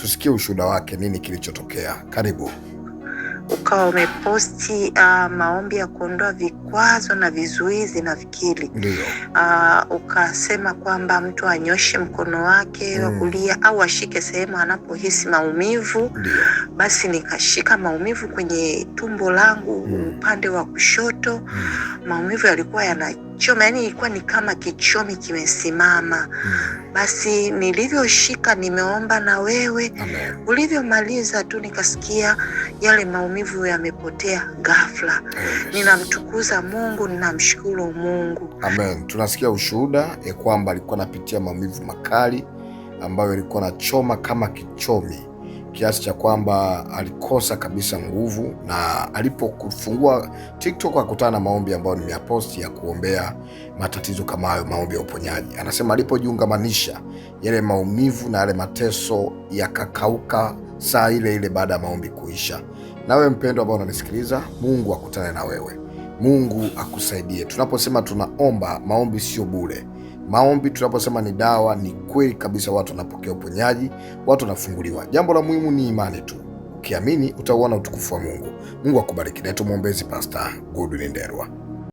tusikie ushuhuda wake, nini kilichotokea? Karibu. Ukawa umeposti uh, maombi ya kuondoa vikwazo na vizuizi na vikili uh, ukasema kwamba mtu anyoshe mkono wake mm. wa kulia au ashike sehemu anapohisi maumivu. Ndiyo. Basi nikashika maumivu kwenye tumbo langu mm. upande wa kushoto mm. maumivu yalikuwa yana kichome, yani ilikuwa ni kama kichomi kimesimama. Mm. Basi nilivyoshika nimeomba na wewe, ulivyomaliza tu nikasikia yale maumivu yamepotea ghafla. Yes. Ninamtukuza Mungu, ninamshukuru Mungu. Amen. Tunasikia ushuhuda ya kwamba alikuwa anapitia maumivu makali ambayo ilikuwa anachoma kama kichomi kiasi cha kwamba alikosa kabisa nguvu, na alipofungua TikTok akutana na maombi ambayo nimeyaposti ya kuombea matatizo kama hayo, maombi ya uponyaji. Anasema alipojiungamanisha yale maumivu na yale mateso yakakauka saa ile ile baada ya maombi kuisha. Nawe mpendo ambao unanisikiliza, Mungu akutane na wewe. Mungu akusaidie. Tunaposema tunaomba, maombi sio bure. Maombi tunaposema ni dawa, ni kweli kabisa, watu wanapokea uponyaji, watu wanafunguliwa. Jambo la muhimu ni imani tu. Ukiamini utauona utukufu wa Mungu. Mungu akubariki. Naitwa mwombezi Pasta Godwin Ndelwa.